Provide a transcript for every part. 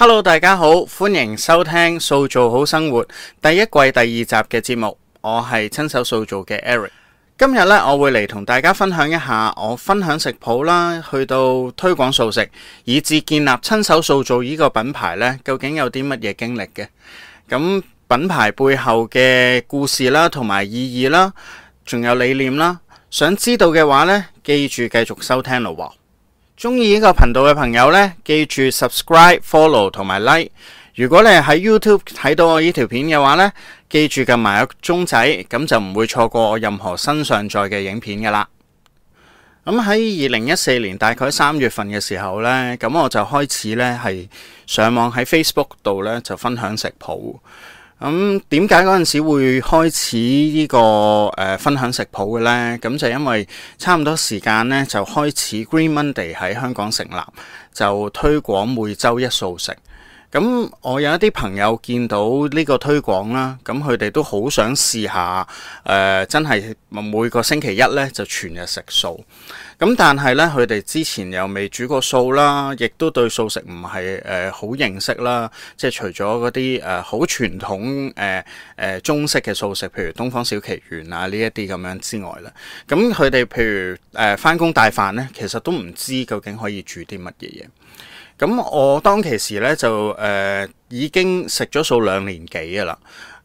Hello，大家好，歡迎收聽《塑造好生活》第一季第二集嘅節目。我係親手素造嘅 Eric，今日咧，我會嚟同大家分享一下我分享食譜啦，去到推廣素食，以至建立親手素造呢個品牌咧，究竟有啲乜嘢經歷嘅？咁品牌背後嘅故事啦，同埋意義啦，仲有理念啦，想知道嘅話咧，記住繼續收聽咯。中意呢個頻道嘅朋友呢，記住 subscribe、follow 同埋 like。如果你喺 YouTube 睇到我呢條片嘅話呢，記住撳埋一個鐘仔，咁就唔會錯過我任何新上載嘅影片噶啦。咁喺二零一四年大概三月份嘅時候呢，咁我就開始呢係上網喺 Facebook 度呢就分享食譜。咁點解嗰陣時會開始呢、呢個誒、呃、分享食譜嘅呢？咁就因為差唔多時間呢，就開始 Green Monday 喺香港成立，就推廣每週一素食。咁我有一啲朋友見到呢個推廣啦，咁佢哋都好想試下誒、呃，真係每個星期一呢，就全日食素。咁但係咧，佢哋之前又未煮過素啦，亦都對素食唔係誒好認識啦。即係除咗嗰啲誒好傳統誒誒、呃呃、中式嘅素食，譬如東方小祇園啊呢一啲咁樣之外啦。咁佢哋譬如誒返工帶飯咧，其實都唔知究竟可以煮啲乜嘢嘢。咁我當其時咧就誒、呃、已經食咗素兩年幾嘅啦。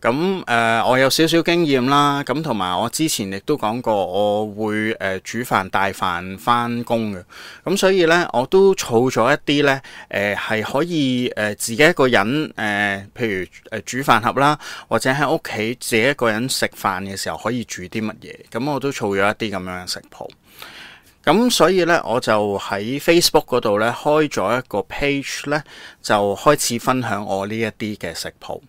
咁誒、呃，我有少少經驗啦。咁同埋我之前亦都講過，我會誒、呃、煮飯帶飯翻工嘅。咁所以咧，我都儲咗一啲咧誒，係、呃、可以誒、呃、自己一個人誒、呃，譬如誒煮飯盒啦，或者喺屋企自己一個人食飯嘅時候可以煮啲乜嘢。咁、嗯、我都儲咗一啲咁樣嘅食譜。咁所以咧，我就喺 Facebook 嗰度咧開咗一個 page 咧，就開始分享我呢一啲嘅食譜。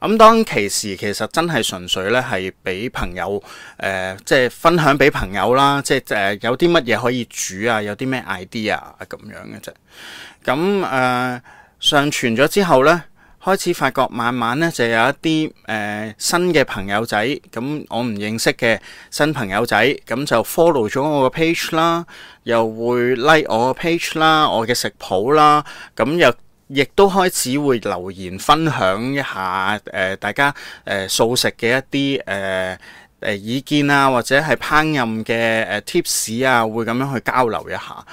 咁當其時其實真係純粹咧，係俾朋友誒、呃，即係分享俾朋友啦，即係誒有啲乜嘢可以煮啊，有啲咩 idea 啊咁樣嘅啫。咁誒、呃、上傳咗之後咧。開始發覺，慢慢咧就有一啲誒、呃、新嘅朋友仔，咁、嗯、我唔認識嘅新朋友仔，咁、嗯、就 follow 咗我個 page 啦，又會 like 我個 page 啦，我嘅食譜啦，咁、嗯、又亦都開始會留言分享一下誒、呃，大家誒、呃、素食嘅一啲誒誒意見啊，或者係烹飪嘅誒 tips 啊，會咁樣去交流一下。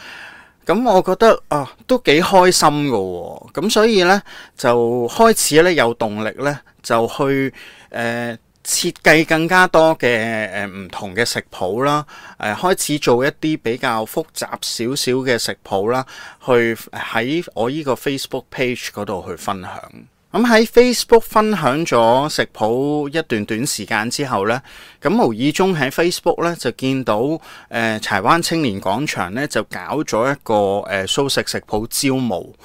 咁我覺得啊，都幾開心噶喎、哦，咁所以呢，就開始呢有動力呢，就去誒、呃、設計更加多嘅誒唔同嘅食譜啦，誒、呃、開始做一啲比較複雜少少嘅食譜啦，去喺我呢個 Facebook page 嗰度去分享。咁喺 Facebook 分享咗食譜一段短時間之後呢，咁無意中喺 Facebook 呢就見到誒、呃、柴灣青年廣場呢，就搞咗一個誒素食食譜招募，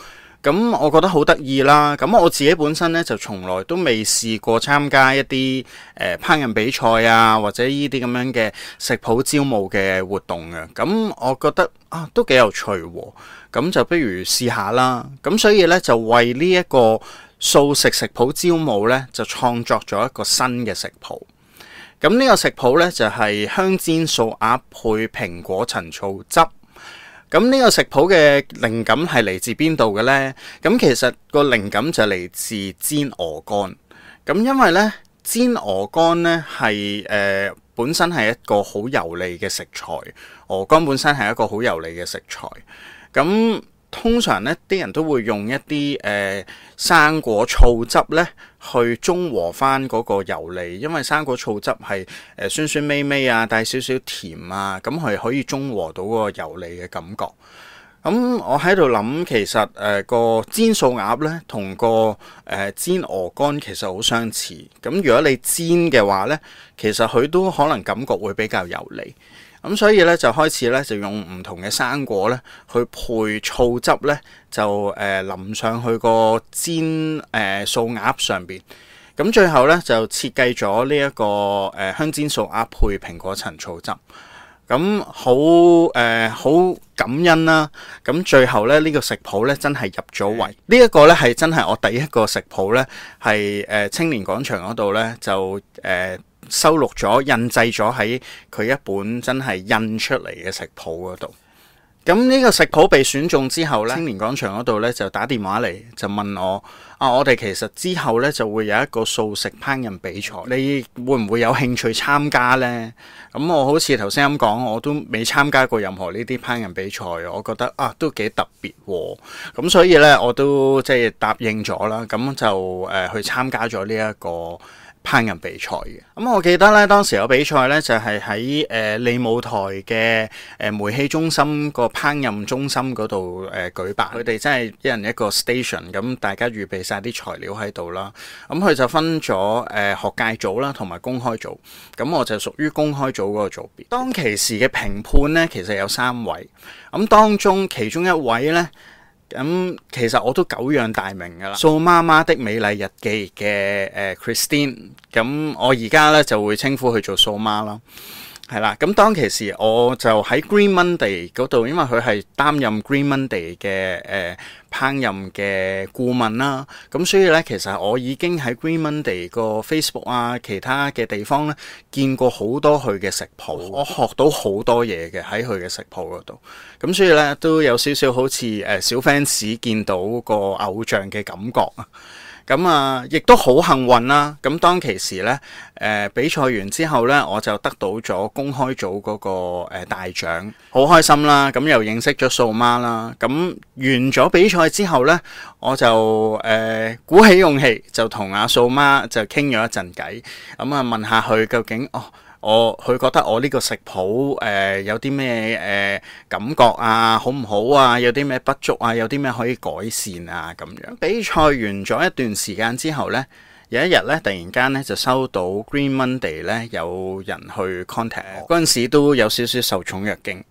咁我覺得好得意啦。咁我自己本身呢，就從來都未試過參加一啲、呃、烹飪比賽啊，或者呢啲咁樣嘅食譜招募嘅活動嘅。咁我覺得啊，都幾有趣喎、啊。咁就不如試下啦。咁所以呢，就為呢、這、一個。素食食譜招募呢，就創作咗一個新嘅食譜。咁呢個食譜呢，就係、是、香煎素鴨配蘋果陳醋汁。咁呢個食譜嘅靈感係嚟自邊度嘅呢？咁其實個靈感就嚟自煎鵝肝。咁因為呢，煎鵝肝呢係誒、呃、本身係一個好油膩嘅食材，鵝肝本身係一個好油膩嘅食材。咁通常呢啲人都會用一啲誒生果醋汁呢去中和翻嗰個油膩。因為生果醋汁係誒酸酸味味啊，帶少少甜啊，咁係可以中和到嗰個油膩嘅感覺。咁我喺度諗，其實誒個、呃、煎素鴨呢同個誒煎鵝肝其實好相似。咁如果你煎嘅話呢，其實佢都可能感覺會比較油膩。咁所以咧就開始咧就用唔同嘅生果咧去配醋汁咧就誒淋上去個煎誒素鴨上邊。咁最後咧就設計咗呢一個誒香煎素鴨配蘋果層醋汁。咁好誒好感恩啦、啊。咁最後咧呢個食譜咧真係入咗圍。呢、這、一個咧係真係我第一個食譜咧係誒青年廣場嗰度咧就誒。呃收錄咗、印製咗喺佢一本真係印出嚟嘅食譜嗰度。咁呢個食譜被選中之後呢，青年廣場嗰度呢就打電話嚟，就問我：啊，「我哋其實之後呢就會有一個素食烹飪比賽，你會唔會有興趣參加呢？」咁我好似頭先咁講，我都未參加過任何呢啲烹飪比賽，我覺得啊都幾特別。咁所以呢，我都即係、就是、答應咗啦。咁就誒、呃、去參加咗呢一個。烹飪比賽嘅，咁我記得呢，當時有比賽呢，就係喺誒利舞台嘅誒、呃、煤氣中心個烹飪中心嗰度誒舉辦。佢哋真係一人一個 station，咁大家預備晒啲材料喺度啦。咁佢就分咗誒、呃、學界組啦，同埋公開組。咁我就屬於公開組嗰個組別。當其時嘅評判呢，其實有三位，咁當中其中一位呢。咁其實我都久仰大名㗎啦，《素媽媽的美麗日記》嘅、呃、誒 Christine，咁我而家咧就會稱呼佢做素媽啦。係啦，咁當其時我就喺 Green Monday 嗰度，因為佢係擔任 Green Monday 嘅誒烹飪嘅顧問啦。咁所以咧，其實我已經喺 Green Monday 個 Facebook 啊，其他嘅地方咧見過好多佢嘅食譜，我學到好多嘢嘅喺佢嘅食譜嗰度。咁所以咧都有少少好似誒小 fans 見到個偶像嘅感覺啊！咁啊，亦都好幸運啦！咁當其時呢，誒、呃、比賽完之後呢，我就得到咗公開組嗰個誒大獎，好開心啦！咁又認識咗素媽啦！咁完咗比賽之後呢，我就誒、呃、鼓起勇氣，就同阿素媽就傾咗一陣偈，咁啊問下佢究竟哦，我佢覺得我呢個食譜誒、呃、有啲咩誒感覺啊，好唔好啊？有啲咩不足啊？有啲咩可以改善啊？咁樣比賽完咗一段時間之後呢，有一日呢，突然間呢，就收到 Green Monday 呢，有人去 contact 我，嗰、oh. 陣時都有少少受寵若驚。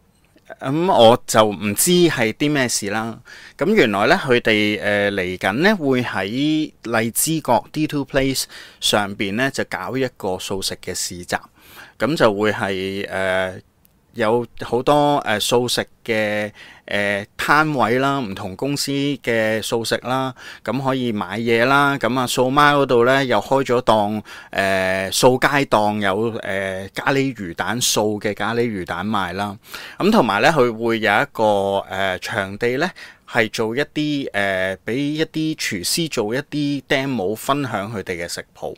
咁、嗯、我就唔知係啲咩事啦。咁原來咧，佢哋誒嚟緊咧，呃、會喺荔枝角 D2 Place 上邊咧，就搞一個素食嘅市集，咁就會係誒。呃有好多誒素食嘅誒攤位啦，唔同公司嘅素食啦，咁可以買嘢啦。咁啊，掃媽嗰度咧又開咗檔誒掃、呃、街檔，有誒咖喱魚蛋素嘅咖喱魚蛋賣啦。咁同埋咧，佢會有一個誒場地咧，係做一啲誒俾一啲廚師做一啲 demo，分享佢哋嘅食譜。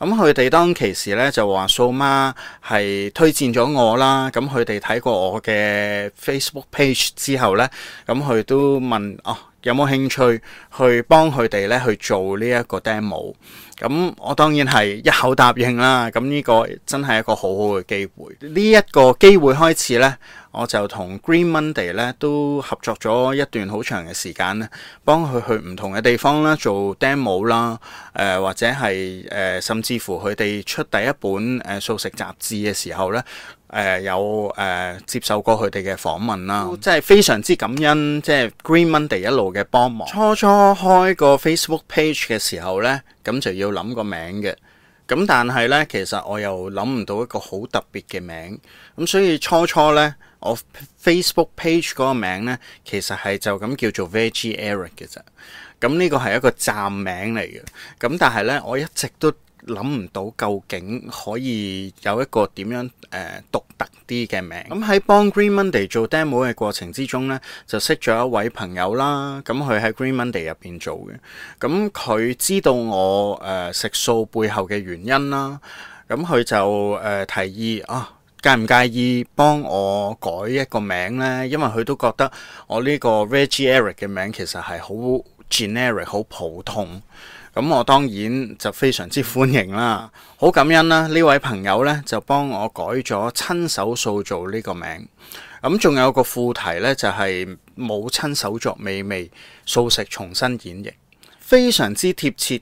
咁佢哋當其時咧就話素媽係推薦咗我啦，咁佢哋睇過我嘅 Facebook page 之後咧，咁佢都問哦。有冇興趣去幫佢哋咧去做呢一個 demo？咁我當然係一口答應啦。咁呢個真係一個好好嘅機會。呢、這、一個機會開始呢，我就同 Green Monday 咧都合作咗一段好長嘅時間咧，幫佢去唔同嘅地方啦做 demo 啦、呃。誒或者係誒、呃、甚至乎佢哋出第一本誒素食雜誌嘅時候呢。誒、呃、有誒、呃、接受過佢哋嘅訪問啦，即係非常之感恩，即係 Green Monday 一路嘅幫忙。初初開個 Facebook page 嘅時候呢，咁就要諗個名嘅，咁但係呢，其實我又諗唔到一個好特別嘅名，咁所以初初呢，我 Facebook page 嗰個名呢，其實係就咁叫做 Veggie Eric 嘅啫，咁呢個係一個站名嚟嘅，咁但係呢，我一直都諗唔到究竟可以有一個點樣誒獨、呃、特啲嘅名。咁喺幫 Green Monday 做 demo 嘅過程之中呢，就識咗一位朋友啦。咁佢喺 Green Monday 入邊做嘅，咁佢知道我誒、呃、食素背後嘅原因啦。咁佢就誒、呃、提議啊，介唔介意幫我改一個名呢？因為佢都覺得我呢個 Reggie Eric 嘅名其實係好 generic 好普通。咁我當然就非常之歡迎啦，好感恩啦！呢位朋友呢，就幫我改咗親手素造呢個名，咁仲有個副題呢，就係母親手作美味素食重新演繹，非常之貼切。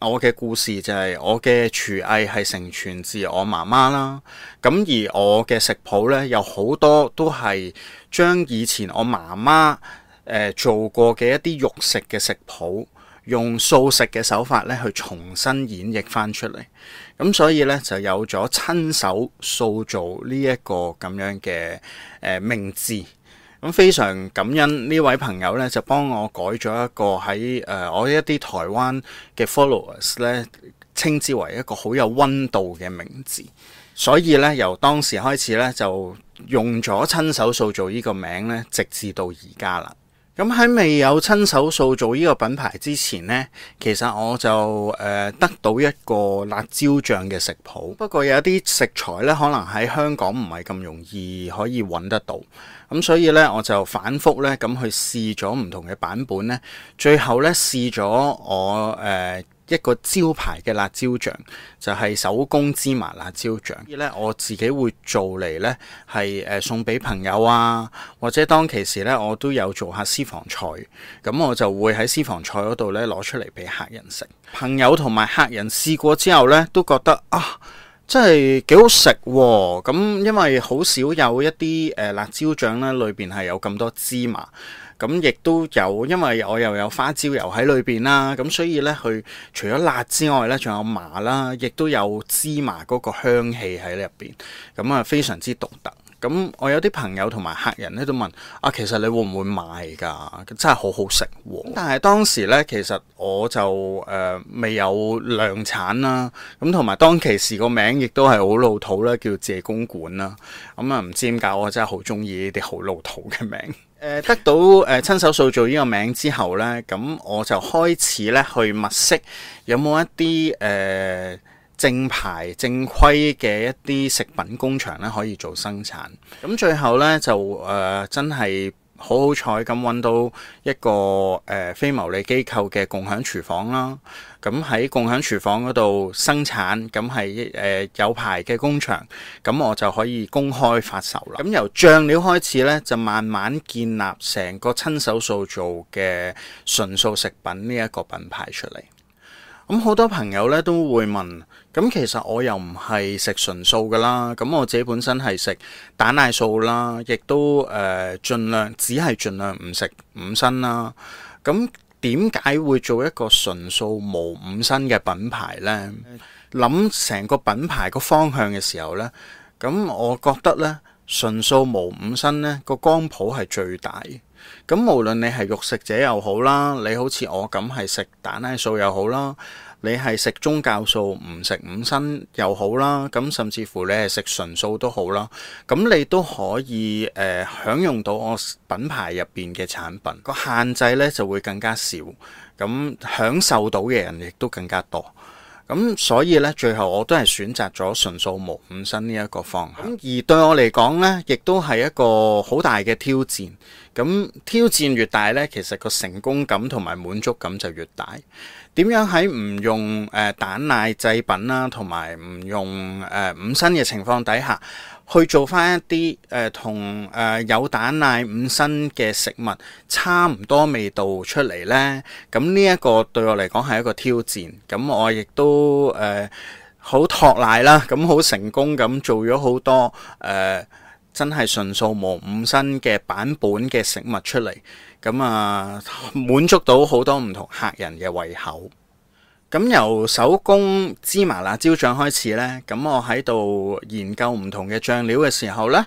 我嘅故事就係我嘅廚藝係承傳自我媽媽啦。咁而我嘅食譜呢，有好多都係將以前我媽媽做過嘅一啲肉食嘅食譜。用素食嘅手法咧，去重新演繹翻出嚟，咁所以咧就有咗親手素造呢一個咁樣嘅誒、呃、名字，咁非常感恩呢位朋友咧就幫我改咗一個喺誒、呃、我一啲台灣嘅 followers 咧稱之為一個好有溫度嘅名字，所以咧由當時開始咧就用咗親手素造呢個名咧，直至到而家啦。咁喺未有親手素造呢個品牌之前呢，其實我就誒、呃、得到一個辣椒醬嘅食譜，不過有一啲食材呢，可能喺香港唔係咁容易可以揾得到，咁所以呢，我就反覆呢咁去試咗唔同嘅版本呢，最後呢，試咗我誒。呃一個招牌嘅辣椒醬就係手工芝麻辣椒醬，呢我自己會做嚟呢，係送俾朋友啊，或者當其時呢，我都有做下私房菜，咁我就會喺私房菜嗰度呢，攞出嚟俾客人食。朋友同埋客人試過之後呢，都覺得啊～真係幾好食喎！咁因為好少有一啲誒辣椒醬咧，裏邊係有咁多芝麻，咁亦都有，因為我又有花椒油喺裏邊啦，咁所以咧佢除咗辣之外咧，仲有麻啦，亦都有芝麻嗰個香氣喺入邊，咁啊非常之獨特。咁我有啲朋友同埋客人咧都問啊，其實你會唔會賣㗎？真係好好食喎！但係當時咧，其實我就誒未、呃、有量產啦。咁同埋當其時名、啊名呃呃、個名亦都係好老土啦，叫謝公館啦。咁啊唔知點解我真係好中意呢啲好老土嘅名。誒得到誒親手素造呢個名之後咧，咁我就開始咧去物色，有冇一啲誒。呃正牌正規嘅一啲食品工廠咧，可以做生產。咁最後咧就誒、呃，真係好好彩，咁搵到一個誒、呃、非牟利機構嘅共享廚房啦。咁喺共享廚房嗰度生產，咁係誒有牌嘅工廠，咁我就可以公開發售啦。咁由醬料開始咧，就慢慢建立成個親手素造嘅純素食品呢一個品牌出嚟。咁好多朋友咧都會問。咁其實我又唔係食純素㗎啦，咁我自己本身係食蛋奶素啦，亦都誒盡、呃、量只係盡量唔食五辛啦。咁點解會做一個純素無五辛嘅品牌呢？諗成個品牌個方向嘅時候呢，咁我覺得呢，純素無五辛呢、呢個光譜係最大。咁無論你係肉食者又好啦，你好似我咁係食蛋奶素又好啦。你係食宗教素唔食五辛又好啦，咁甚至乎你係食純素都好啦，咁你都可以誒、呃、享用到我品牌入邊嘅產品，個限制咧就會更加少，咁享受到嘅人亦都更加多，咁所以咧最後我都係選擇咗純素無五辛呢一個方向，而對我嚟講咧，亦都係一個好大嘅挑戰，咁挑戰越大咧，其實個成功感同埋滿足感就越大。點樣喺唔用誒蛋奶製品啦，同埋唔用誒、呃、五辛嘅情況底下，去做返一啲誒同誒有蛋奶五辛嘅食物差唔多味道出嚟呢？咁呢一個對我嚟講係一個挑戰。咁我亦都誒、呃、好託賴啦，咁好成功咁做咗好多誒、呃真係純素無五辛嘅版本嘅食物出嚟，咁啊滿足到好多唔同客人嘅胃口。咁由手工芝麻辣椒醬開始呢，咁我喺度研究唔同嘅醬料嘅時候呢，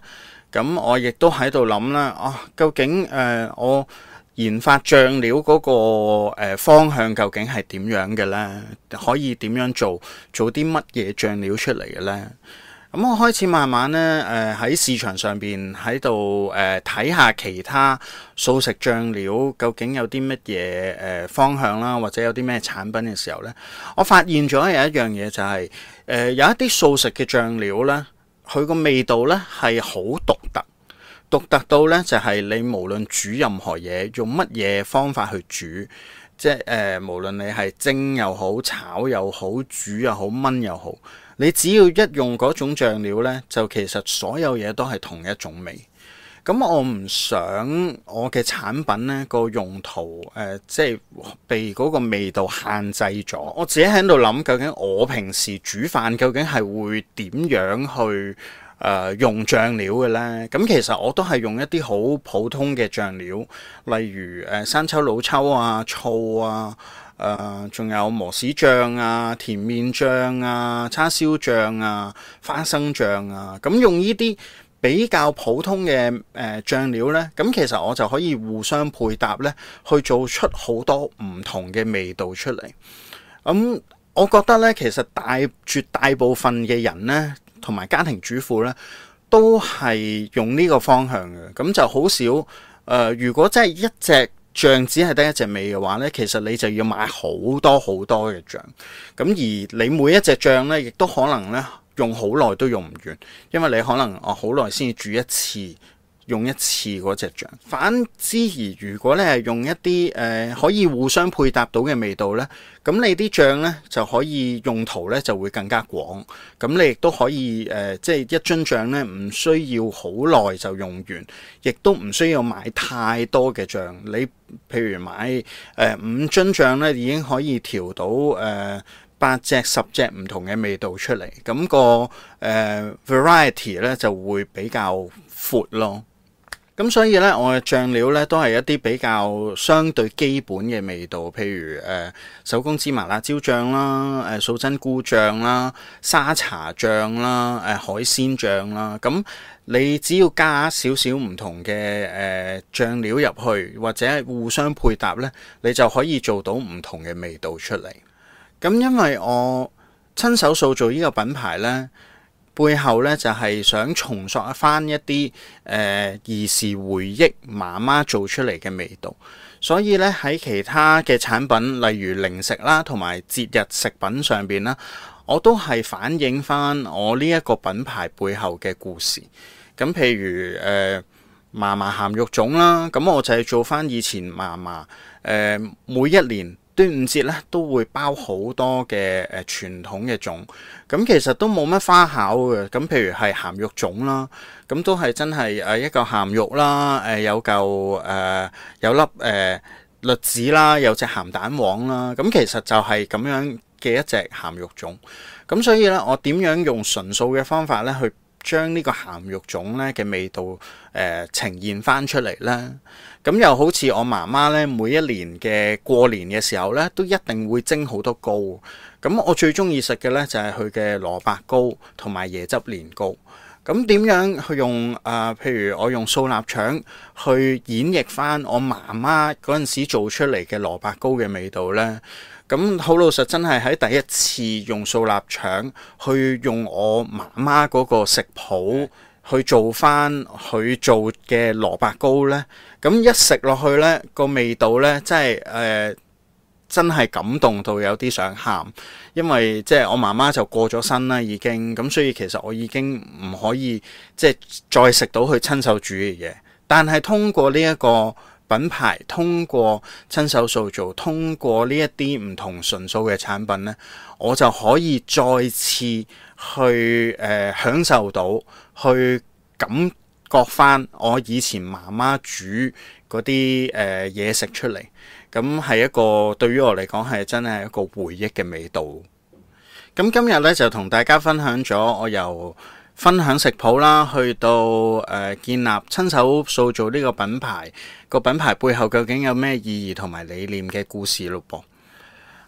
咁我亦都喺度諗啦。哦、啊，究竟誒、呃、我研發醬料嗰、那個、呃、方向究竟係點樣嘅呢？可以點樣做？做啲乜嘢醬料出嚟嘅呢？咁我開始慢慢咧，誒、呃、喺市場上邊喺度誒睇下其他素食醬料究竟有啲乜嘢誒方向啦，或者有啲咩產品嘅時候呢，我發現咗有一樣嘢就係、是、誒、呃、有一啲素食嘅醬料呢，佢個味道呢係好獨特，獨特到呢，就係、是、你無論煮任何嘢，用乜嘢方法去煮，即係誒、呃、無論你係蒸又好、炒又好、煮又好、燜又好。你只要一用嗰種醬料呢，就其實所有嘢都係同一種味。咁我唔想我嘅產品呢，嗰個用途誒、呃，即係被嗰個味道限制咗。我自己喺度諗，究竟我平時煮飯究竟係會點樣去誒、呃、用醬料嘅呢？咁其實我都係用一啲好普通嘅醬料，例如誒、呃、生抽、老抽啊、醋啊。誒，仲有磨豉醬啊、甜麵醬啊、叉燒醬啊、花生醬啊，咁用呢啲比較普通嘅誒醬料呢，咁其實我就可以互相配搭呢，去做出好多唔同嘅味道出嚟。咁、嗯、我覺得呢，其實大絕大部分嘅人呢，同埋家庭主婦呢，都係用呢個方向嘅，咁就好少、呃。如果真係一隻。醬只係得一隻味嘅話呢，其實你就要買好多好多嘅醬，咁而你每一隻醬呢，亦都可能呢用好耐都用唔完，因為你可能哦好耐先煮一次。用一次嗰隻醬，反之而如果咧係用一啲誒、呃、可以互相配搭到嘅味道咧，咁你啲醬咧就可以用途咧就會更加廣，咁你亦都可以誒，即、呃、係、就是、一樽醬咧唔需要好耐就用完，亦都唔需要買太多嘅醬。你譬如買誒、呃、五樽醬咧，已經可以調到誒、呃、八隻十隻唔同嘅味道出嚟，咁、那個誒、呃、variety 咧就會比較闊咯。咁所以咧，我嘅醬料咧都係一啲比較相對基本嘅味道，譬如誒、呃、手工芝麻辣椒醬啦、誒、呃、素珍菇醬啦、沙茶醬啦、誒、呃、海鮮醬啦。咁你只要加少少唔同嘅誒、呃、醬料入去，或者互相配搭咧，你就可以做到唔同嘅味道出嚟。咁因為我親手素造呢個品牌咧，背後呢，就係想重塑翻一啲誒兒時回憶媽媽做出嚟嘅味道，所以呢，喺其他嘅產品，例如零食啦，同埋節日食品上邊啦，我都係反映翻我呢一個品牌背後嘅故事。咁譬如誒嫲嫲鹹肉粽啦，咁我就係做翻以前嫲嫲、呃、每一年。端午節咧都會包好多嘅誒、呃、傳統嘅粽，咁其實都冇乜花巧嘅。咁譬如係鹹肉粽啦，咁都係真係誒一個鹹肉啦，誒有嚿誒、呃、有粒誒、呃、栗子啦，有隻鹹蛋黃啦。咁其實就係咁樣嘅一隻鹹肉粽。咁所以咧，我點樣用純素嘅方法咧去將呢個鹹肉粽咧嘅味道誒、呃呃、呈，呈現翻出嚟啦，咁又好似我媽媽咧每一年嘅過年嘅時候咧，都一定會蒸好多糕。咁我最中意食嘅咧就係佢嘅蘿蔔糕同埋椰汁年糕。咁點樣去用啊、呃，譬如我用素臘腸去演繹翻我媽媽嗰陣時做出嚟嘅蘿蔔糕嘅味道咧。咁好老實，真係喺第一次用素臘腸去用我媽媽嗰個食譜去做翻佢做嘅蘿蔔糕呢。咁一食落去呢，個味道呢，真係誒、呃，真係感動到有啲想喊，因為即係我媽媽就過咗身啦已經。咁所以其實我已經唔可以即係再食到佢親手煮嘅嘢，但係通過呢一個，品牌通過親手素造，通過呢一啲唔同純素嘅產品呢，我就可以再次去誒、呃、享受到，去感覺翻我以前媽媽煮嗰啲誒嘢食出嚟。咁係一個對於我嚟講，係真係一個回憶嘅味道。咁今日呢，就同大家分享咗，我由分享食譜啦，去到誒建立親手素造呢個品牌，個品牌背後究竟有咩意義同埋理念嘅故事咯噃。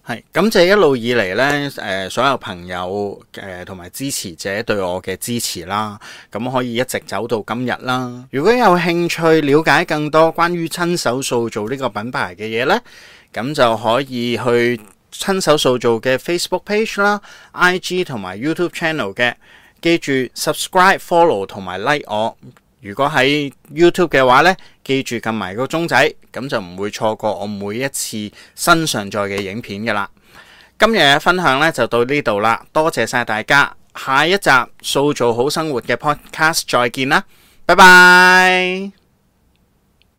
係感謝一路以嚟呢，誒所有朋友誒同埋支持者對我嘅支持啦，咁可以一直走到今日啦。如果有興趣了解更多關於親手素造呢個品牌嘅嘢呢，咁就可以去親手素造嘅 Facebook page 啦、IG 同埋 YouTube channel 嘅。記住 subscribe、follow 同埋 like 我。如果喺 YouTube 嘅話呢，記住撳埋個鐘仔，咁就唔會錯過我每一次新上載嘅影片噶啦。今日嘅分享呢就到呢度啦，多謝晒大家。下一集素造好生活嘅 Podcast 再見啦，拜拜。